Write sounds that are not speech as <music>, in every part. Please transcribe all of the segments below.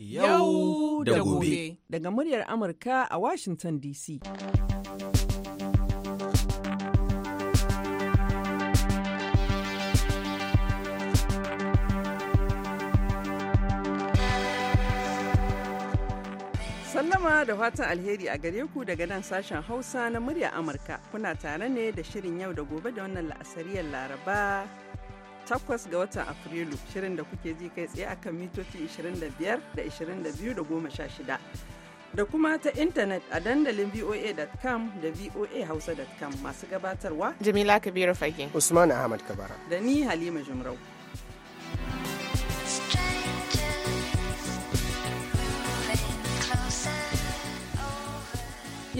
yau da gobe. Daga muryar Amurka a Washington DC. Sallama da fatan alheri a gare ku daga nan sashen Hausa na murya Amurka. Kuna tare ne da shirin yau da gobe da wannan la'asariyar Laraba takwas ga watan Afrilu shirin da kuke ji kai tsaye akan mitoci 25 da 22 da 16. Da kuma ta intanet a dandalin voa.com da voahausa.com masu gabatarwa. Jamila Kabiru Fage. Usman Ahmad Kabara. Da ni Halima Jumrau.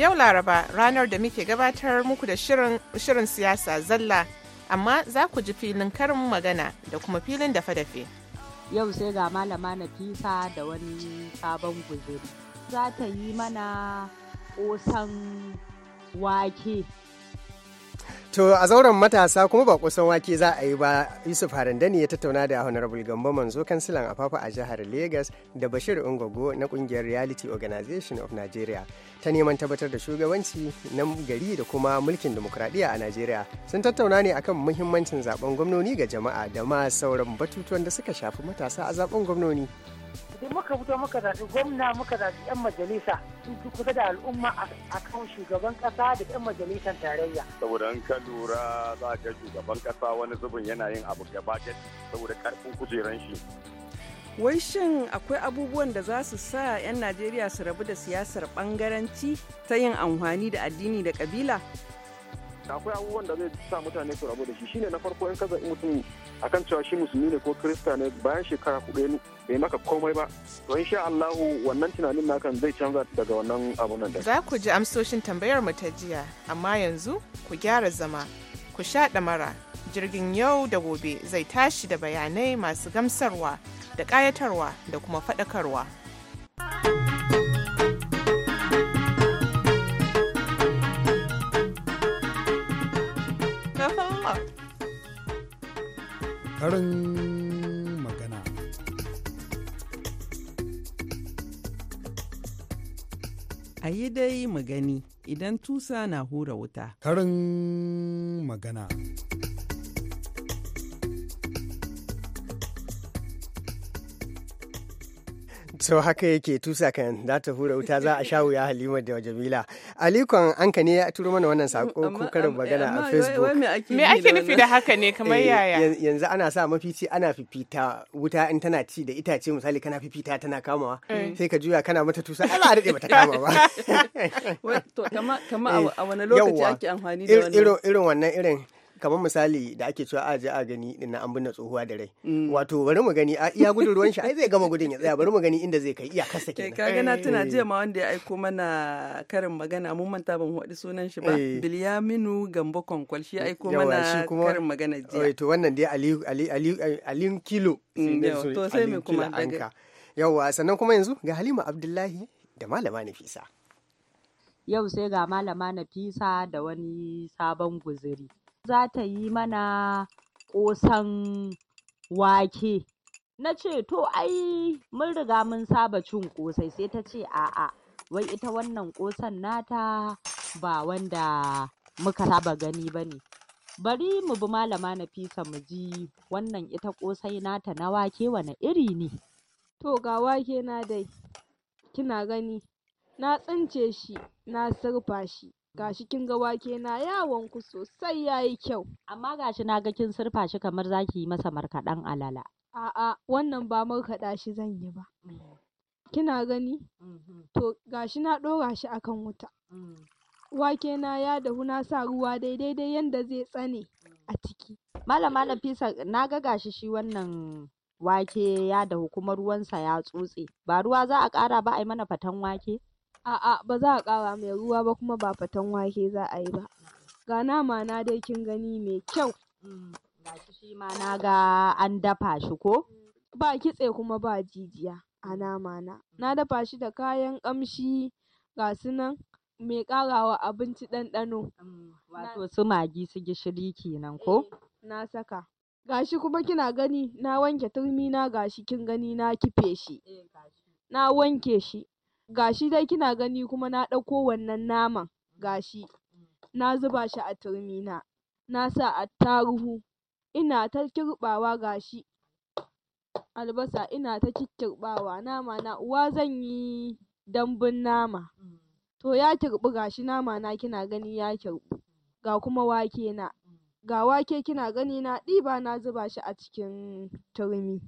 Yau Laraba ranar da muke gabatar muku da shirin siyasa zalla amma za ku ji filin karin magana da kuma filin dafe-dafe. Yau sai ga malama na fisa da wani sabon guzuri. Za ta yi mana ƙosan wake To a zauren matasa kuma ba kusan wake za a yi ba Yusuf Harandani ya tattauna da Honorable Gambo Manzo kansilan Fafa a jihar Legas da Bashir Ungogo na kungiyar Reality Organization of Nigeria ta neman tabbatar da shugabanci na gari da kuma mulkin demokradiyya a Nigeria. Sun tattauna ne akan muhimmancin zaben gwamnoni ga jama'a da ma sauran batutuwan da suka shafi matasa a zaben gwamnoni. idan muka fito muka zaɓi gwamna muka zaɓi 'yan majalisa sun kusa da al'umma a kan shugaban ƙasa da 'yan majalisan tarayya. Saboda in ka lura za ka shugaban ƙasa wani zubin yana yin abu gaba saboda ƙarfin kujeran shi. Wai shin akwai abubuwan da za su sa 'yan Najeriya su rabu da siyasar ɓangaranci ta yin amfani da addini da ƙabila? akwai abubuwan da zai sa mutane su rabu da shi shine na farko in ka zaɓi mutum kan cewa shi musulmi ne ko kirista ne bayan shekara kuɗe bai maka komai ba to sha Allahu wannan tunanin nakan zai canza daga wannan abu nan za ku ji amsoshin tambayar mu ta jiya amma yanzu ku gyara zama ku sha ɗamara jirgin yau da gobe zai tashi da bayanai masu gamsarwa da ƙayatarwa da kuma faɗakarwa. karin magana a yi dai magani idan tusa na hura wuta karin magana so haka yake tusa kan za ta hura wuta za a sha wuya halima da jamila alikon anka ne ya turo mana wannan sako ko karin magana a facebook me ake nufi da haka ne kamar eh, yaya yanzu ana sa mafici ana fifita wuta in tana ci da itace misali kana fifita tana kamawa eh. sai ka juya kana mata tusa ala daɗe bata kama ba <laughs> to kama a eh, wani lokaci ake amfani da wannan irin wannan irin kamar misali da ake cewa a je a gani din an binne tsohuwa da rai mm. wato bari mu gani a iya gudun ruwan shi ai zai gama gudun ya tsaya bari mu gani inda zai kai iya kasa eh, kenan ka gana tuna eh. jiya ma wanda ya aiko mana karin magana mun manta ban hodi sunan shi ba eh. Bilyaminu Gambo konkol shi aiko mana karin magana jiya wato wannan dai Ali Ali Ali Kilo mm, to sai mu kuma daga yawa sannan kuma yanzu ga Halima Abdullahi da malama Nafisa yau sai ga malama Nafisa da wani sabon guzuri za ta yi mana ƙosan wake. Na ce to ai mun riga mun saba cin ƙosai sai ta ce a'a wai ita wannan ƙosan nata ba wanda muka saba gani ba ne. Bari mu bi Malama Nafisa mu ji wannan ita ƙosai nata na wake wane iri ne? To ga wake na dai kina gani na tsince shi na sirfa shi gashi kin ga wake na ya wanku sosai yayi kyau amma gashi na ga kin surfa shi kamar zaki yi masa markaɗan alala a'a wannan ba markaɗa shi zan yi ba mm. kina gani mm-hmm. to gashi na ɗora shi akan wuta mm. wake na ya dahu na sa ruwa daidai dai yanda zai tsane a ciki malama fisa na ga gashi shi wannan wake ya dahu kuma ruwansa ya tsotse ba ruwa za a kara ba a yi mana fatan wake A'a ba za a ƙara mai ruwa ba kuma ba faten wake za a yi ba. Ga nama na dai kin gani mai kyau. Mm, shi ma na ga an dafa shi ko? Ba kitse kuma ba jijiya a nama na. Na dafa shi da kayan ƙamshi ga su nan mai ƙarawa abinci ɗanɗano. Mm, wato su magi su gishiri kenan ko? Eh, na saka. Gashi kuma kina gani na wanke turmi na gashi kin gani na kife shi. Eh, na wanke shi gashi dai kina gani kuma na ɗauko wannan naman gashi na zuba shi a turmi na na sa attaruhu ina ta kirɓawa gashi albasa ina ta kikkirɓawa nama na uwa zan yi dambun nama to ya kirɓu gashi nama na kina gani ya kirɓu ga kuma wake na ga wake kina gani na ɗiba na zuba shi a cikin turmi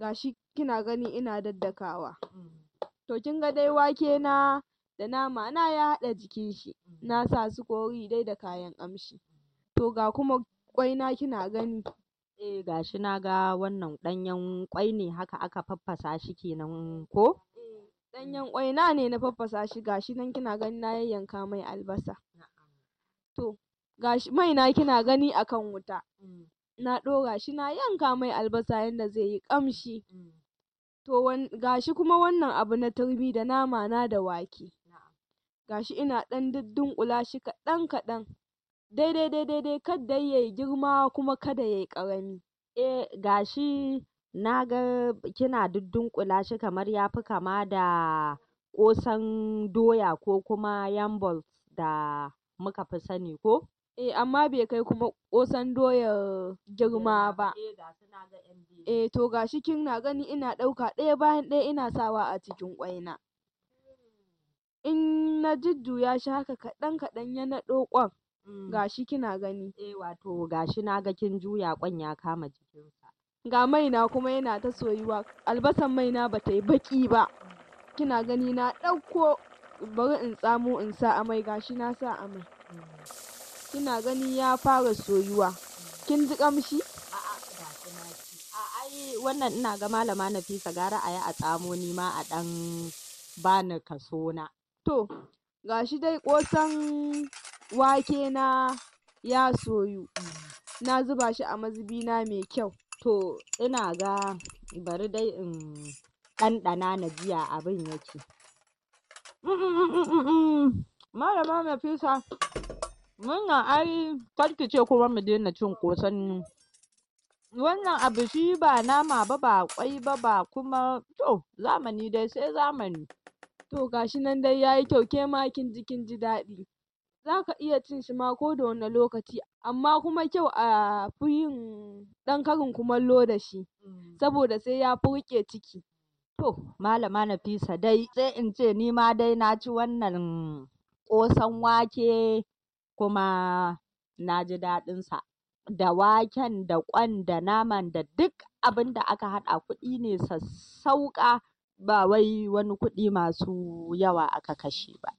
gashi kina gani ina daddakawa to kin ga dai wake na da nama na ya haɗa jikin shi mm. na sa su kori dai da kayan ƙamshi to ga kuma ƙwai na kina gani eh gashi na ga wannan ɗanyen ƙwai ne haka aka faffasa shi kenan ko eh, ɗanyen ƙwai na ne na faffasa shi gashi nan kina gani na yayyanka mai albasa to gashi mai na kina gani akan wuta mm. na ɗora shi na yanka mai albasa yanda zai yi ƙamshi mm. to gashi kuma wannan abu na turmi da nama na da wake gashi ina ɗan duddunƙula shi kaɗan kaɗan daidai daidai kar dai yayi girma kuma kada yayi ƙarami eh gashi na ga kina duddunƙula shi kamar ya fi kama da ƙosan doya ko kuma yam da muka fi sani ko Eh amma bai kai kuma ƙosan doyar girma ba. Eh, eh to gashi kina gani ina ɗauka ɗaya bayan ɗaya ina sawa a cikin ƙwaina. In na jujjuya shi haka kaɗan kaɗan ya naɗo ƙwan. Mm. Gashi kina gani. Eh wato gashi na ga kin juya ƙwan ya kama jikinsa. Ga maina kuma yana ta soyuwa albasan maina bata yi baƙi ba. Kina gani na ɗauko bari in tsamo in sa a mai gashi na sa a mai. Mm. kina gani ya fara soyuwa kin ji kamshi ai wannan ina ga malama nafisa gara a yi a tsamo ni ma a ɗan bani kaso na to gashi dai ƙosan wake na ya soyu na zuba shi a mazubi na mai kyau to ina ga bari dai in ɗanɗana na jiya abin yake malama nafisa Wannan ai karki ce kuma mu daina cin ƙosan wannan abu shi ba nama ba ba kwai ba ba kuma to zamani dai sai zamani. To ga shi nan dai ya yi kyau ke ma kin ji kin ji daɗi. Za ka iya cin shi ma ko da wani lokaci amma kuma kyau a fi yin ɗan karin kumallo da shi mm. saboda sai ya fi riƙe ciki. To Malama Nafisa dai sai in ce ni ma dai na ci wannan ƙosan wake kuma na ji daɗinsa. Da waken, da ƙwan, da naman, da duk abin da aka haɗa kuɗi ne sassauƙa ba wai wani kuɗi masu yawa aka kashe ba.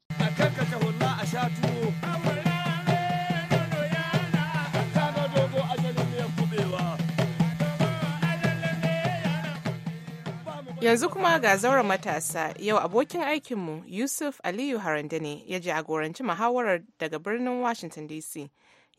Yanzu kuma ga zauren matasa yau abokin aikinmu Yusuf Aliyu Harande ne ya jagoranci muhawarar daga birnin Washington DC.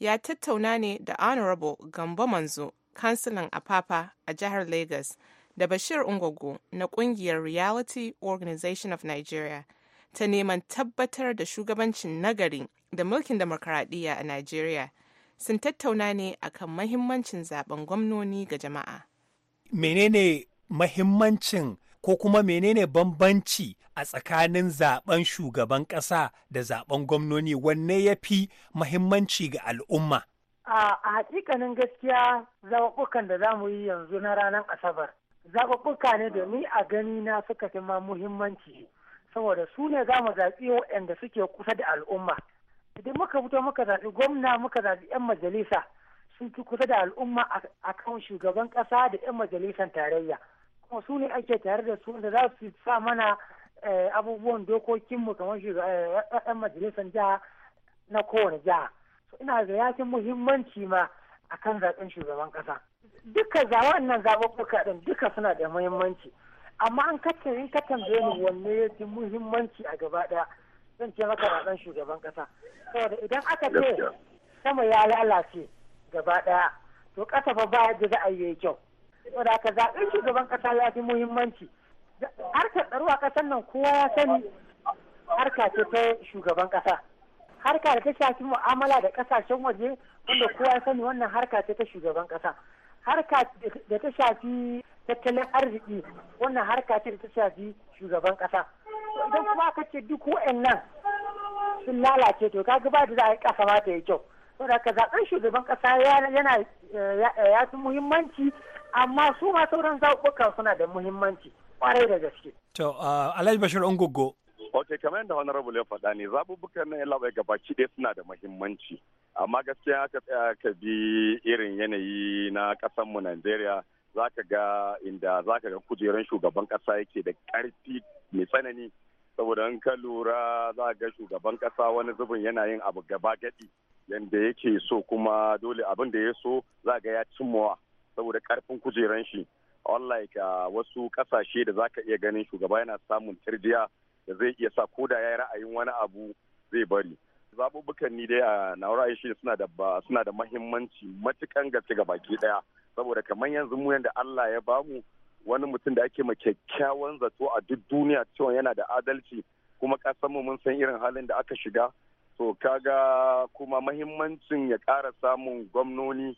Ya tattauna ne da Honorable Gambo Manzo, kansilan Apapa a jihar Lagos, da Bashir Ungogo na kungiyar Reality Organization of Nigeria ta neman tabbatar da shugabancin nagari da mulkin demokaradiyya a Nigeria. Sun tattauna ne akan mahimmancin zaben gwamnoni ga jama'a. Menene mahimmancin ko kuma menene bambanci a tsakanin zaben shugaban ƙasa da zaben gwamnoni wanne ya fi mahimmanci ga al'umma? A hakikanin gaskiya zaɓuɓɓukan da za mu yi yanzu na ranar Asabar. zaɓaɓɓuka ne da ni a gani na suka fi ma muhimmanci saboda su ne za mu zaɓi waɗanda suke kusa da al'umma. Idan muka fito muka zaɓi gwamna muka zaɓi 'yan majalisa sun fi kusa da al'umma a kan shugaban ƙasa da 'yan majalisan tarayya. kuma su ne ake tare da su da za su sa mana eh, abubuwan dokokinmu kamar eh, yan majalisar jiha na kowane jiha ina da yakin muhimmanci ma akan zaben shugaban kasa duka zaben nan zaɓuɓɓuka ɗin duka suna da muhimmanci amma an kacce in ka tambaye ni wanne ya fi muhimmanci a gaba ɗaya zan ce maka zaben shugaban ƙasa saboda idan aka ce sama ya lalace gaba ɗaya to ƙasa fa ba yadda za a yi kyau saboda ka zaɓen shugaban ƙasa ya fi muhimmanci harkar tsaro a ƙasar nan kowa ya sani harka ce ta shugaban ƙasa harka da ta shafi mu'amala da ƙasashen waje wanda kowa ya sani wannan harka ce ta shugaban ƙasa harka da ta shafi tattalin arziki wannan harka ce da ta shafi shugaban ƙasa idan kuma aka ce duk nan sun lalace to kaga ba da za a yi ƙasa ma ta yi kyau saboda ka zaɓen shugaban ƙasa yana ya fi muhimmanci amma su ma sauran zaɓuɓɓukan suna da muhimmanci kwarai da gaske. To, Alhaji Bashir Ungogo. Ok, kamar yadda Honorable ya faɗa ne, zaɓuɓɓukan na yalaɓai gabaki ɗaya suna da muhimmanci. Amma gaskiya aka tsaya ka bi irin yanayi na ƙasarmu Najeriya, za ka ga inda za ka ga kujeran shugaban ƙasa yake da ƙarfi mai tsanani. Saboda in ka lura za ga shugaban ƙasa wani zubin yana yin abu gaba gadi Yanda yake so kuma dole abin da ya so za ga ya cimmawa. saboda karfin kujeran shi unlike uh, wasu kasashe da zaka iya ganin shugaba yana samun tirjiya da zai iya sa ko da yayi ra'ayin wani abu zai bari zabubukan ni dai a uh, na'ura shi suna da suna da mahimmanci matukan gaske ga baki daya saboda kamar yanzu mu yanda Allah ya bamu wani mutum da ake ma kyakkyawan zato a duk duniya cewa yana da adalci kuma mu mun san irin halin da aka shiga to kaga kuma mahimmancin ya ƙara samun gwamnoni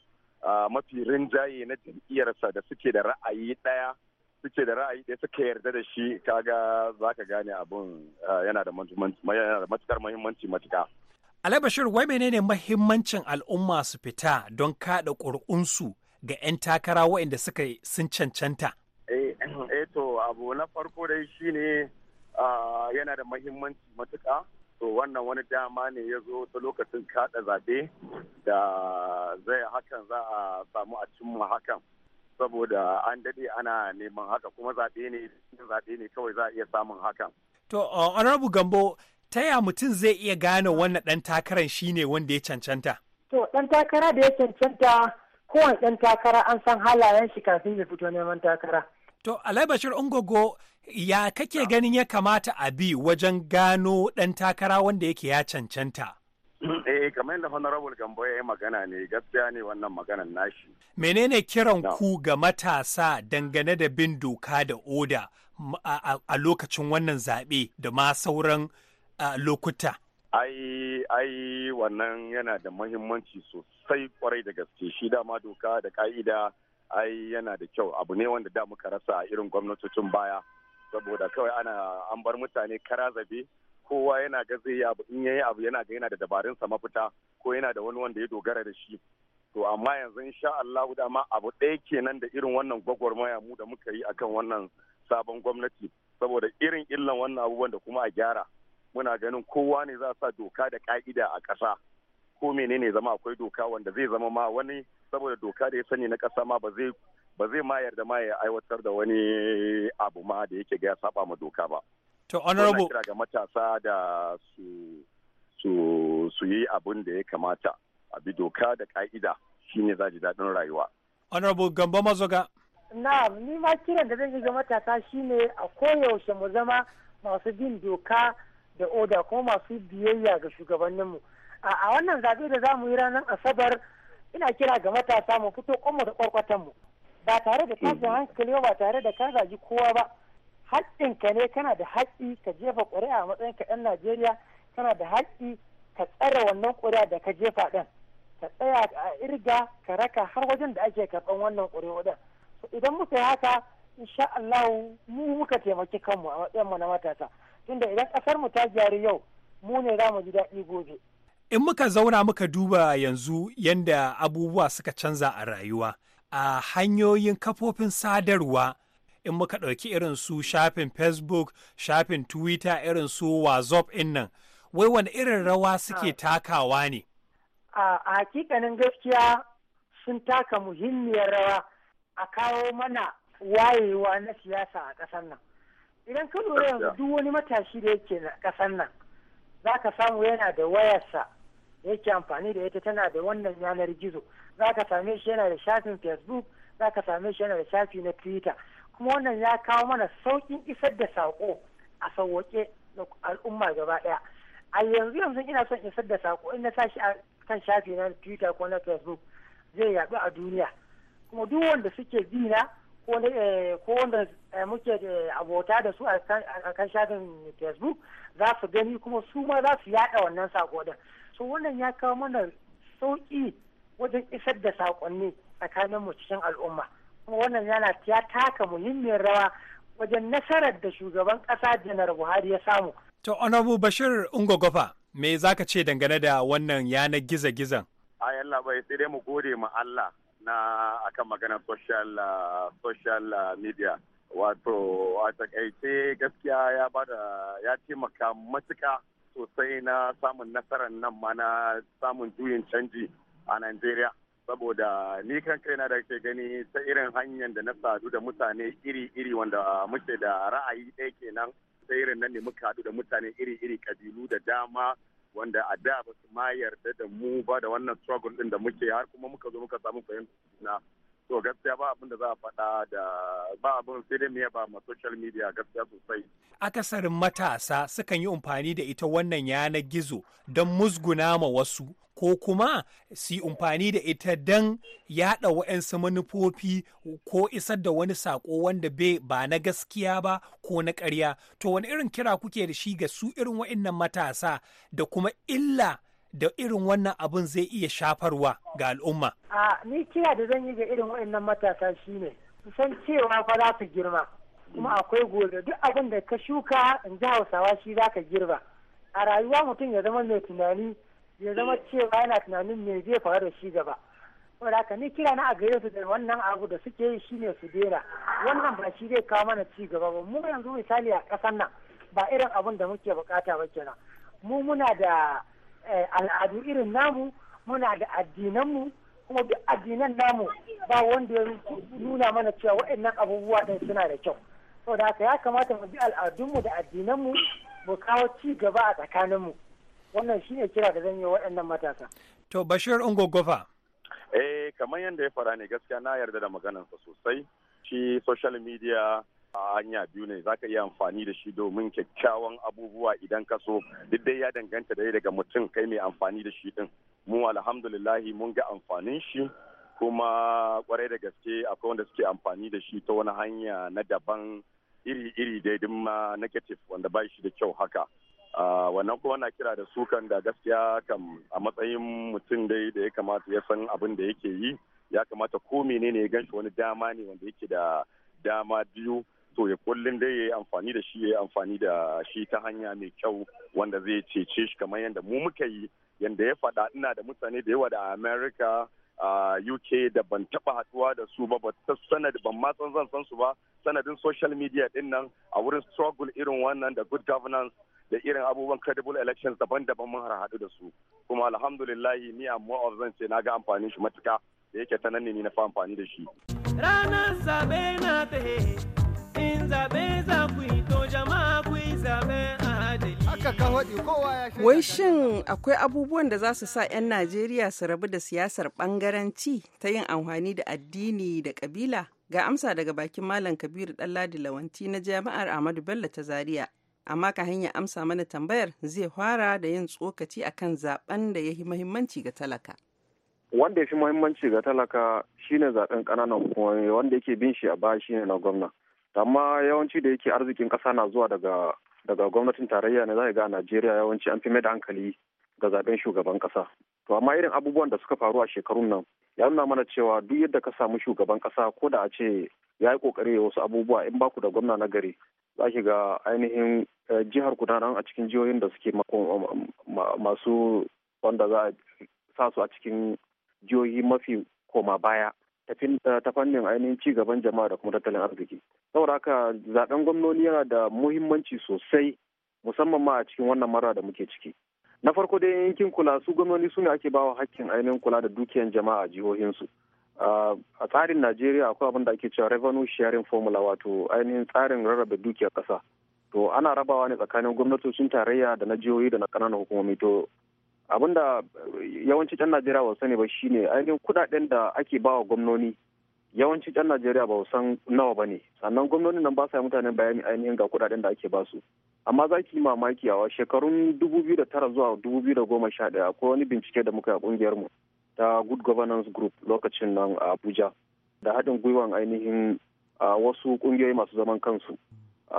mafi rinjaye na jam'iyyarsa da suke da ra'ayi ɗaya suke da ra'ayi ɗaya suka yarda da shi kaga za ka gane abun yana da matukar muhimmanci matuka. Bashir, wai menene mahimmancin al'umma su fita don kaɗa ƙuri'unsu ga 'yan takara waɗanda suka sun cancanta? Eh, eh to abu na farko dai shine yana da mahimmanci matuƙa. to wannan wani dama ne ya zo ta lokacin kada zaɓe da zai hakan za a samu a cimma hakan saboda an daɗe ana neman haka kuma zaɓe ne zaɓe ne kawai za a iya samun hakan. To, uh, Honorable Gambo, ta ya mutum zai iya gane wannan ɗan takarar shine wanda ya cancanta? To, ɗan takara da ya cancanta kowane ɗan takara an san halayen shi kafin ya fito neman takara. To, Alai Bashir Ungogo ya kake ganin ya kamata a bi wajen gano ɗan takara wanda yake ya cancanta? <clears throat> Eh, kamar yadda Honorable Gambo ya yi magana ne, gaskiya ne wannan maganan nashi. Menene kiran ku ga matasa dangane da bin doka da oda a lokacin wannan zaɓe da ma sauran lokuta? Ai, wannan yana da mahimmanci sosai kwarai da gaske shi dama doka da ka'ida ai yana da kyau abu ne wanda da muka rasa a irin gwamnatocin baya. saboda kawai ana an bar mutane kara zabe kowa yana ga zai abu in yayi abu yana ga yana da dabarun sa mafita ko yana da wani wanda ya dogara da shi to amma yanzu insha Allah ma abu ɗaya kenan da irin wannan gwagwarmaya mu da muka yi akan wannan sabon gwamnati saboda irin illan wannan abubuwan da kuma a gyara muna ganin kowa ne za sa doka da ka'ida a ƙasa ko menene zama akwai doka wanda zai zama ma wani saboda doka da ya sani na ƙasa ma ba zai ba zai ma yarda ma ya aiwatar da wani abu ma da yake ga ya saba ma doka ba to honorable kira ga matasa da su yi abun da ya kamata a bi doka da ka'ida shine za ji daɗin rayuwa honorable gamba mazoga na ni ma kiran da zai yi ga matasa ne a koyaushe mu zama masu bin doka da oda kuma masu biyayya ga shugabanninmu a wannan zaɓe da za mu yi ranar asabar ina kira ga matasa mu fito kuma da kwarkwatan mu ba tare da tashin mhm. hankali ba tare da kan zagi kowa ba ka ne kana da haƙƙi ka jefa ƙuri'a a matsayin ka ɗan Najeriya kana da haƙƙi ka tsare wannan ƙuri'a da ka jefa ɗin ka tsaya a irga ka raka har wajen da ake karɓan wannan ƙuri'u ɗin idan muka yi haka insha allahu mu muka taimaki kanmu a matsayin mu na matasa tunda idan ƙasar mu ta gyaru yau mu ne za mu ji daɗi gobe in muka zauna muka duba yanzu yanda abubuwa suka canza a rayuwa a hanyoyin kafofin sadarwa in muka ɗauki irin su shafin facebook shafin twitter irin su whatsapp in nan wai wani irin rawa suke ah. takawa ne a hakikanin gaskiya sun taka muhimmiyar rawa a kawo mana wayewa na siyasa a ƙasar nan idan ka lura yanzu duk wani matashi da yake na ƙasar nan za ka samu yana da wayarsa da yake amfani da ita tana da wannan yanar gizo za ka same shi yana da shafin facebook za ka same shi yana da shafi na twitter kuma wannan ya kawo mana saukin isar da saƙo a sauƙe da al'umma gaba ɗaya a yanzu yanzu ina son isar da saƙo in na tashi a kan shafi na twitter ko na facebook zai yaɗu a duniya kuma duk wanda suke bi na ko eh, wanda eh, muke eh, abota da su a kan shafin facebook za su gani kuma su ma za su yaɗa wannan saƙo din so wannan ya kawo mana sauki. wajen isar da saƙonni tsakanin mu cikin al'umma kuma wannan yana ya taka muhimmiyar rawa wajen nasarar da shugaban ƙasa janar buhari ya samu to honorable bashir ungogofa me za ka ce dangane da wannan yanar gizo-gizon a yalla bai sai dai mu gode ma allah na akan maganar social ah, social ah, media wato a takaice gaskiya ya bada ya taimaka matuka sosai na samun nasarar nan ma na samun juyin canji a Najeriya. Saboda ni kan kaina da ke gani ta irin hanyar da na sadu da mutane iri-iri wanda muke da ra'ayi ɗaya kenan ta irin nan ne muka haɗu da mutane iri-iri kabilu da dama wanda a da ba su ma yarda da mu ba da wannan struggle ɗin da muke har kuma muka zo muka samu fahimta to gaskiya ba abin da za a faɗa da ba abin sai dai ba ma social media gaskiya sosai akasarin matasa sukan yi amfani da ita wannan yanar gizo don musguna ma wasu ko kuma su yi amfani da ita don yaɗa wa'yansu manufofi ko isar da wani sako wanda bai ba na gaskiya ba ko na ƙarya to wani irin kira kuke da shi ga su irin wa'innan matasa da kuma illa da irin wannan abun zai iya shafarwa ga al'umma? A ni kira da zan yi ga irin waɗannan matasa shi ne. san cewa fa za su girma kuma akwai gobe duk abin da ka shuka in ji hausawa shi za ka girba a rayuwa mutum ya zama mai tunani ya zama cewa yana tunanin me zai faru da shi gaba wadaka ni kira na a gare su da wannan abu da suke yi shi ne su dera wannan ba shi zai kawo mana ci gaba ba mu yanzu misali a ƙasar nan ba irin abin da muke bukata ba kenan mu muna da Eh, al'adu irin namu muna da addinanmu kuma duk addinan namu ba wanda ya nuna mana cewa waɗannan abubuwa ɗin suna da kyau saboda haka ya kamata mu bi al'adunmu da addinanmu mu kawo ci gaba a tsakaninmu wannan shine kira da zan yi waɗannan matasa to bashir gofa eh kamar yadda ya fara ne gaskiya na yarda da maganarsa sosai shi social media a hanya biyu ne zaka iya amfani da shi domin kyakkyawan abubuwa idan ka so duk dai ya danganta dai daga mutum kai mai amfani da shi din mu alhamdulillahi mun ga amfanin shi kuma kwarai da gaske akwai wanda suke amfani da shi ta wani hanya na daban iri-iri din ma negative wanda ba shi da kyau haka wannan kuma na kira da sukan da gaskiya kam a matsayin mutum dai da ya kamata ya san abin da yake yi ya kamata ko menene ya ganshi wani dama ne wanda yake da dama biyu so ya kullum dai ya yi amfani da shi ya yi amfani da shi ta hanya mai kyau wanda zai cece shi kamar yadda mu muka yi yadda ya faɗa ina da mutane da yawa da america a UK da ban taɓa haɗuwa da su ba ba ta sanadi ban ma san san su ba sanadin social media din nan a wurin struggle irin wannan da good governance da irin abubuwan credible elections daban-daban mun haɗu da su kuma alhamdulillah ni a more zan ce na ga amfani shi matuka da yake ta nan ne na fa amfani da shi ranar na Wai shin akwai abubuwan da za su sa 'yan Najeriya su rabu da siyasar ɓangaranci ta yin amfani da addini da ƙabila? Ga amsa daga bakin Malam Kabiru Ɗanladi Lawanti na Jami'ar Ahmadu Bello ta Zaria. Amma ka hanyar amsa mana tambayar zai fara da yin tsokaci a kan zaben da ya fi muhimmanci ga talaka. Wanda ya fi muhimmanci ga talaka shine zaben ƙananan hukumomi wanda yake bin shi a baya shine na gwamna. amma yawanci da yake arzikin kasa na zuwa daga daga gwamnatin tarayya ne za ga a najeriya yawanci an fi mai da hankali ga zaben shugaban kasa to amma irin abubuwan da suka faru a shekarun nan ya nuna mana cewa duk yadda ka samu shugaban kasa ko da a ce ya yi kokari wasu abubuwa in baku da gwamna na gari za ki ga ainihin eh, jihar ku a cikin jihohin da suke masu wanda za a sa su a cikin jihohi mafi koma baya Eh, ta fannin ainihin ci gaban jama'a da kuma tattalin arziki saboda haka zaben gwamnoni yana da muhimmanci sosai musamman ma a cikin wannan mara da muke ciki na farko dai yankin kula su gwamnoni su ne ake bawa hakkin ainihin kula da dukiyan jama'a a jihohinsu eh, a tsarin najeriya akwai abin da ake cewa revenue sharing formula wato ainihin tsarin rarraba dukiyar kasa to ana rabawa ne tsakanin gwamnatocin tarayya da na jihohi da na ƙananan hukumomi to abinda yawancin yan najeriya ba sani ba shine ainihin kudaden da ake ba wa gwamnoni yawancin yan najeriya ba san nawa ba ne sannan gwamnoni nan ba sa mutane bayani ainihin ga kudaden da ake ba su amma za ki mamaki a shekarun tara zuwa ɗaya akwai wani bincike da muka yi a kungiyar mu ta good governance group lokacin nan a abuja da haɗin gwiwan ainihin wasu ƙungiyoyi masu zaman kansu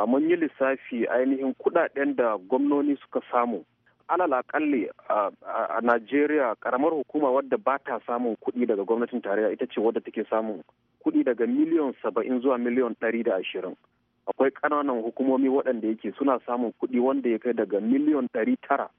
mun yi lissafi ainihin kudaden da gwamnoni suka samu alal akalli a najeriya karamar hukuma wadda ba ta samun kuɗi daga gwamnatin tarayya ita ce wadda take samun kuɗi daga miliyon saba'in zuwa miliyon ɗari da ashirin akwai ƙananan hukumomi waɗanda yake suna samun kuɗi wanda ya kai daga miliyon ɗari tara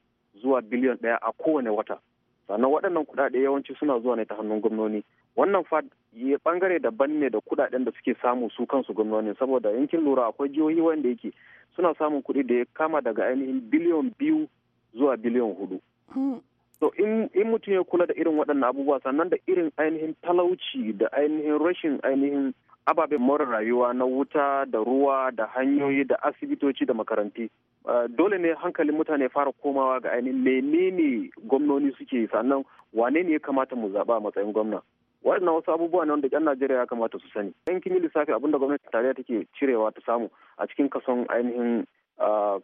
zuwa biliyon ɗaya a kowane wata sannan waɗannan kuɗaɗe yawanci suna zuwa ne ta hannun gwamnoni wannan fa ya bangare daban ne da kuɗaɗen da suke samu su kansu gwamnoni saboda yankin lura akwai jihohi wanda yake suna samun kuɗi da ya kama daga ainihin biliyon biyu zuwa biliyan hudu. Hmm. So in mutum ya kula da irin waɗannan abubuwa sannan da irin ainihin talauci da ainihin rashin ainihin ababen more rayuwa na wuta da ruwa da hanyoyi da asibitoci da makaranti. Eh, dole ne hankalin mutane fara komawa ga ainihin menene gwamnoni suke sannan wane ne ya kamata mu zaɓa a matsayin gwamna. waɗannan wasu abubuwa ne wanda yan najeriya ya kamata su sani yan kimi lissafi abinda gwamnati tarayya take cirewa ta samu a cikin kason ainihin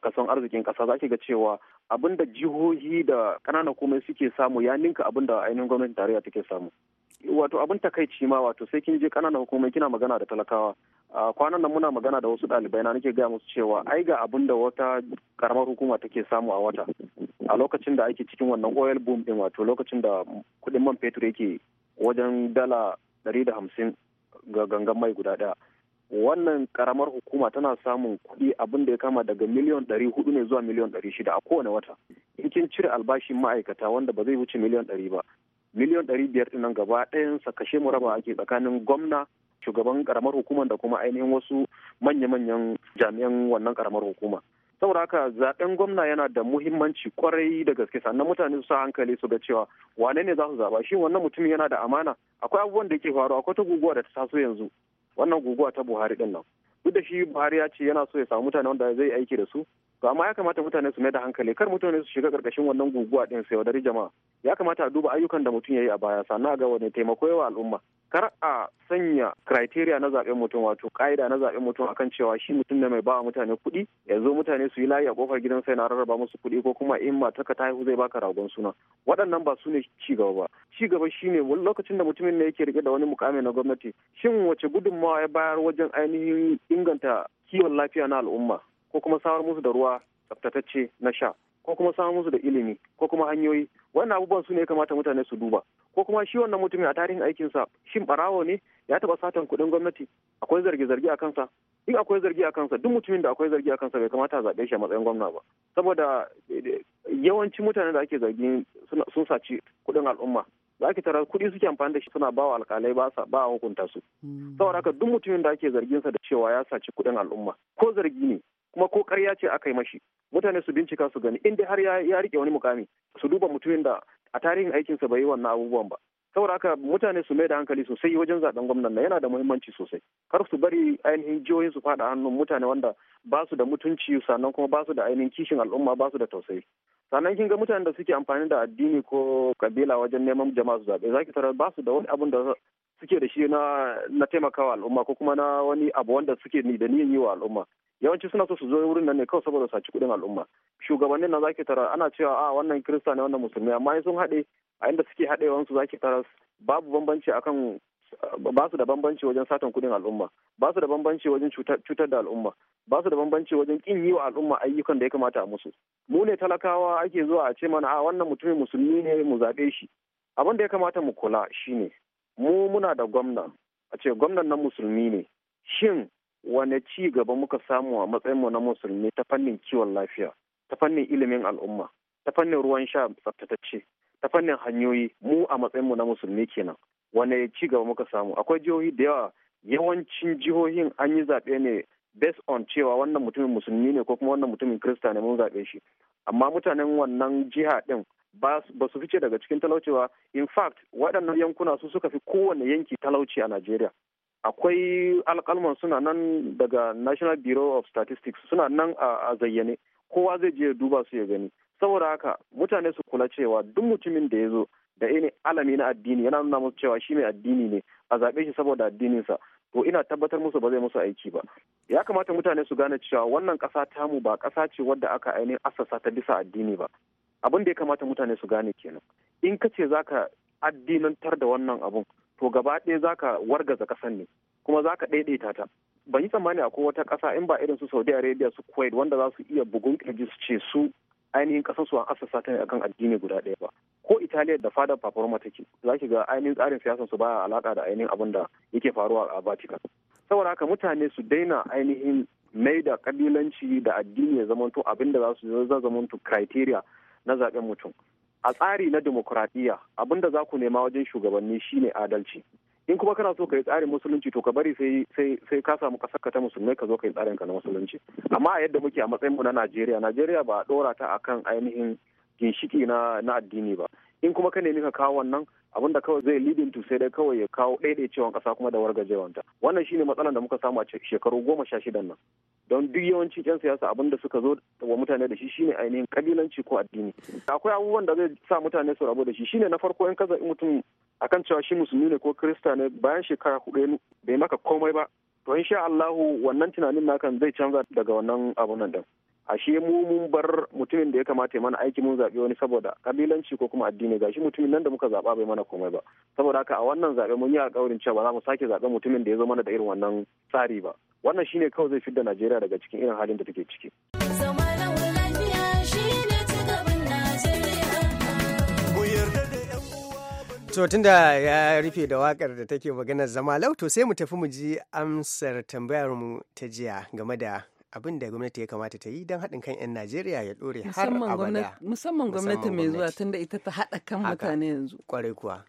kason arzikin kasa za ki ga cewa abin da jihohi da ƙananan komai suke samu ya ninka abin da ainihin gwamnatin tarayya take samu wato abin takaici ma wato sai kin je kananan hukumai kina magana da talakawa a kwanan nan muna magana da wasu ɗalibai na nake gaya musu cewa ai ga abin da wata karamar hukuma take samu a wata a lokacin da ake cikin wannan oil boom din wato lokacin da kuɗin man fetur yake wajen dala ɗari da hamsin ga gangan mai guda ɗaya wannan karamar hukuma tana samun kuɗi abin da ya kama daga miliyon ɗari hudu ne zuwa miliyon ɗari shida a kowane wata in kin cire albashin ma'aikata wanda ba zai wuce miliyan ɗari ba miliyon ɗari biyar ɗin nan gaba sa kashe mu raba ake tsakanin gwamna shugaban karamar hukumar da kuma ainihin wasu manya-manyan jami'an wannan karamar hukuma saboda haka zaben gwamna yana da muhimmanci kwarai da gaske sannan mutane su sa hankali su ga cewa wane ne za su zaba shi wannan mutum yana da amana akwai abubuwan da ke faruwa akwai ta guguwa da ta taso yanzu wannan guguwa ta buhari din nan duk da shi buhari ya ce yana so ya samu mutane wanda zai aiki da su to amma ya kamata mutane su mai da hankali kar mutane su shiga karkashin wannan guguwa din sai wadari jama'a ya kamata a duba ayyukan da mutum ya yi a baya sannan ga wani taimako yawa al'umma kar a sanya criteria na zaben mutum wato ka'ida na zaben mutum akan cewa shi mutum ne mai bawa mutane kuɗi yanzu mutane su yi layi a kofar gidan sai na rarraba musu kuɗi ko kuma in matarka ta haihu zai baka ragon suna waɗannan ba su ne ci gaba ba ci gaba ne lokacin da mutumin ne yake rike da wani mukami na gwamnati shin wace gudunmawa ya bayar wajen ainihin inganta kiwon lafiya na al'umma ko kuma samar musu da ruwa tsaftatacce na sha ko kuma samar musu da ilimi ko kuma hanyoyi wannan abubuwan su ne ya kamata mutane su duba ko kuma shi wannan mutumin a tarihin aikinsa shin barawo ne ya taba satan kuɗin gwamnati akwai zarge-zarge a kansa in akwai zargi a kansa duk mutumin da akwai zargi a kansa bai kamata a zaɓe shi a matsayin gwamna ba saboda eh, eh, yawancin mutane da ake zargi sun saci kuɗin al'umma za ki tara kuɗi suke amfani da shi suna bawa alkalai ba sa ba hukunta su hmm. saboda haka duk mutumin da ake zargin sa da cewa ya saci kuɗin al'umma ko zargi ne kuma ko karya ce aka yi mashi mutane su bincika su gani inda har ya rike wani mukami su duba mutumin da a tarihin aikinsa bai yi wannan abubuwan ba saboda haka mutane su mai da hankali sosai wajen zaben gwamnan nan yana da muhimmanci sosai kar su bari ainihin jihohin su fada hannun mutane wanda ba su da mutunci sannan kuma ba su da ainihin kishin al'umma ba su da tausayi sannan kin ga mutanen da suke amfani da addini ko kabila wajen neman jama'a su zaɓe zaki tarar ba su da wani abun da suke da shi na na taimakawa al'umma ko kuma na wani abu wanda suke ni da niyan yi wa al'umma yawanci suna so su zo wurin nan ne kawai saboda saci kuɗin al'umma shugabannin nan zaki tara ana cewa a ah, wannan kirista ne wannan musulmi amma sun haɗe a inda suke haɗewan su zaki tara babu bambanci akan ba su da bambanci wajen satan kuɗin al'umma ba su da bambanci wajen cutar da al'umma ba su da bambanci wajen kin yi wa al'umma ayyukan da ya kamata a musu mu ne talakawa ake zuwa a ce mana a ah, wannan mutumin musulmi ne mu zaɓe shi abin da ya kamata mu kula shine mu muna da gwamna a ce gwamnan na musulmi ne shin wane ci gaba muka samu a matsayin mu na musulmi ta fannin kiwon lafiya ta fannin ilimin al'umma ta fannin ruwan sha tsaftatacce ta fannin hanyoyi mu a matsayin mu na musulmi kenan wane ci gaba muka samu akwai jihohi da yawa yawancin jihohin an yi zaɓe ne based on cewa wannan mutumin musulmi ne ko kuma wannan mutumin krista ne mun zaɓe shi amma mutanen wannan jiha din. ba su fice daga cikin talauci ba in fact waɗannan yankuna su suka fi kowane yanki talauci a najeriya akwai alkalman suna nan daga national bureau of statistics suna nan a zayyane kowa zai je duba su ya gani saboda haka mutane su kula cewa duk mutumin da ya zo da ne alami na addini yana nuna musu cewa shi mai addini ne a zaɓe shi saboda addininsa to ina tabbatar musu ba zai musu aiki ba ya kamata mutane su gane cewa wannan ƙasa tamu ba ƙasa ce wadda aka ainihin assasa ta bisa addini ba abin da ya kamata mutane su gane kenan in ka ce ka addinantar da wannan abun to gaba ɗaya za ka wargaza ƙasar ne kuma za ka ɗaiɗaita ta ban yi tsammani akwai wata ƙasa in ba irin su saudi arabia su kuwait wanda za su iya bugun ƙirji su ce su ainihin ƙasar su an asasa ta ne akan addini guda ɗaya ba ko italiya da fadar paparoma take za ki ga ainihin tsarin siyasar su ba alaƙa da ainihin abin da yake faruwa a vatican saboda haka mutane su daina ainihin mai da kabilanci da addini ya zamanto abin da za su zamanto criteria na zaɓen mutum a tsari na demokuraɗiyya abin da za ku nema wajen shugabanni shine adalci in kuma kana so ka yi tsarin musulunci to ka bari sai ka samu kasar ka ta musulmai ka zo ka yi tsarin ka na musulunci amma a yadda muke a matsayin mu na Najeriya Najeriya ba a ɗora ta akan ainihin ginshiki na addini ba in kuma ka nemi ka kawo wannan abin da kawai zai leading to sai dai kawai ya kawo ɗaiɗaicewan kasa kuma da wargajewanta wannan shine matsalar da muka samu a shekaru goma sha shidan nan don duk yawancin yan siyasa abin da suka zo wa mutane da shi shine ainihin kabilanci ko addini akwai abubuwan da zai sa mutane su rabu da shi shine na farko in ka zaɓi mutum akan cewa shi musulmi ne ko kirista ne bayan shekara hudu bai maka komai ba to insha Allahu wannan tunanin nakan zai canza daga wannan abun nan din ashe mu mun bar mutumin da ya kamata ya mana aiki mun zaɓi wani saboda kabilanci ko kuma addini gashi mutumin nan da muka zaɓa bai mana komai ba saboda haka a wannan zaɓe mun yi alƙawarin cewa ba za mu sake zaɓen mutumin da ya zo mana da irin wannan tsari ba wannan shine kawai zai fidda Najeriya daga cikin irin halin da take ciki. To tunda ya rufe da wakar da take maganar zama lau to sai mu tafi mu ji amsar tambayar mu ta jiya game da abin da gwamnati ya kamata ta yi don haɗin kan 'yan Najeriya ya ɗore har abada. Musamman gwamnati mai zuwa tunda ita ta haɗa kan mutane yanzu. Kwarai kuwa.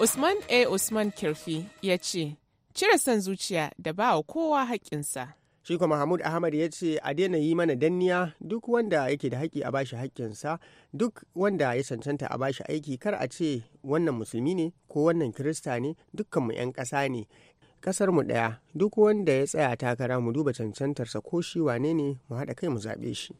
Usman A. Usman Kirfi ya ce, Cire son zuciya da ba wa kowa haƙƙinsa. shi kuma mahmud ahmad ya ce a daina yi mana danniya duk wanda yake da haƙƙi a bashi haƙƙinsa duk wanda ya cancanta a bashi aiki kar a ce wannan musulmi ne ko wannan kirista ne dukkanmu 'yan ƙasa ne ƙasar mu ɗaya duk wanda ya tsaya takara mu duba cancantarsa ko shi wane ne mu haɗa kai mu zaɓe shi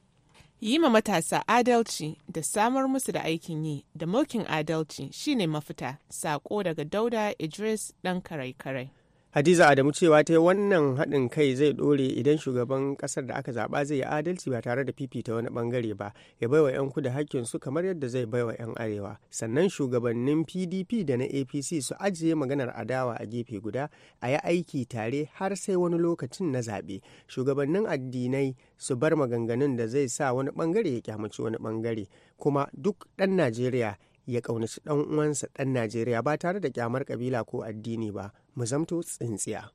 yi ma matasa adalci da samar musu da aikin yi da mulkin adalci shine mafita saƙo daga dauda idris ɗan karai-karai Hadiza Adamu cewa ta yi wannan haɗin kai zai ɗore idan shugaban ƙasar da aka zaɓa zai yi adalci ba tare da fifita wani ɓangare ba, ya baiwa 'yan kudu hakkin su kamar yadda zai baiwa 'yan arewa. Sannan shugabannin PDP da na APC su ajiye maganar adawa a gefe guda, a yi aiki tare har sai wani lokacin na zaɓe. Shugabannin addinai su bar maganganun da zai sa wani ɓangare ya kyamaci wani ɓangare, kuma duk ɗan Najeriya ya ƙaunaci ɗan uwansa ɗan Najeriya ba tare da kyamar ƙabila ko addini ba. mu zamto tsintsiya.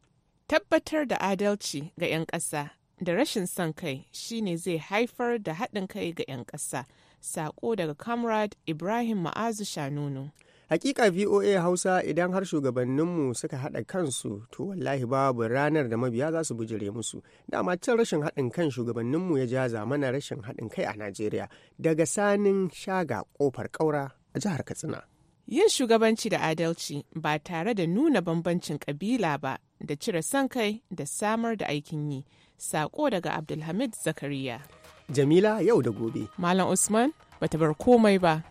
Tabbatar da adalci ga 'yan ƙasa da rashin son kai shine zai haifar da haɗin kai ga 'yan ƙasa. Sako daga Comrade Ibrahim Ma'azu Shanunu. Hakika VOA Hausa idan har shugabanninmu suka haɗa kansu to wallahi babu ranar da mabiya za su bujire musu. Dama can rashin haɗin kan shugabanninmu ya jaza mana rashin haɗin kai a Najeriya daga sanin shaga ƙofar ƙaura a jihar Katsina. Yin shugabanci da adalci ba tare da nuna bambancin ƙabila ba da cire son kai da samar da aikin yi. Sako daga Abdulhamid Zakariya. Jamila yau da gobe. Malam Usman bata bar komai ba.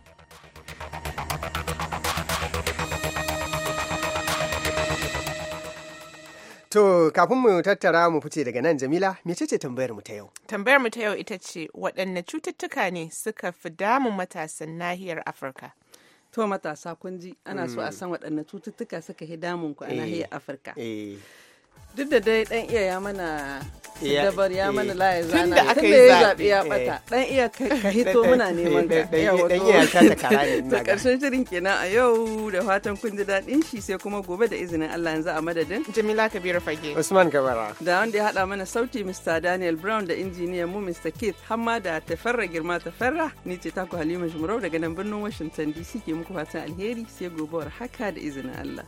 To, kafin mu tattara mu fice daga nan Jamila, mecece tambayar mu ta yau? Tambayar mu ta yau ita ce, waɗanne cututtuka ne suka fi damun matasan nahiyar Afirka? to matasa kun ana so a mm. san waɗanne cututtuka suka hi damun ku a nahiyar eh. afirka eh. duk da dai dan iya ya mana dabar ya eh. mana laye zana tun da aka yi ya bata eh. dan iya ka hito muna neman ka dan iya sha ta kara ne <laughs> to karshen shirin kenan a yau da fatan kun ji daɗin shi sai kuma gobe da izinin Allah yanzu a madadin Jamila Kabiru Fage Usman Kabara. da wanda ya haɗa mana sauti Mr Daniel Brown da injiniyan mu Mr Keith Hamma da Tafarra Girma Tafarra ni ce taku Halima Jumarau daga nan birnin Washington DC ke muku fatan alheri sai gobe haka da izinin Allah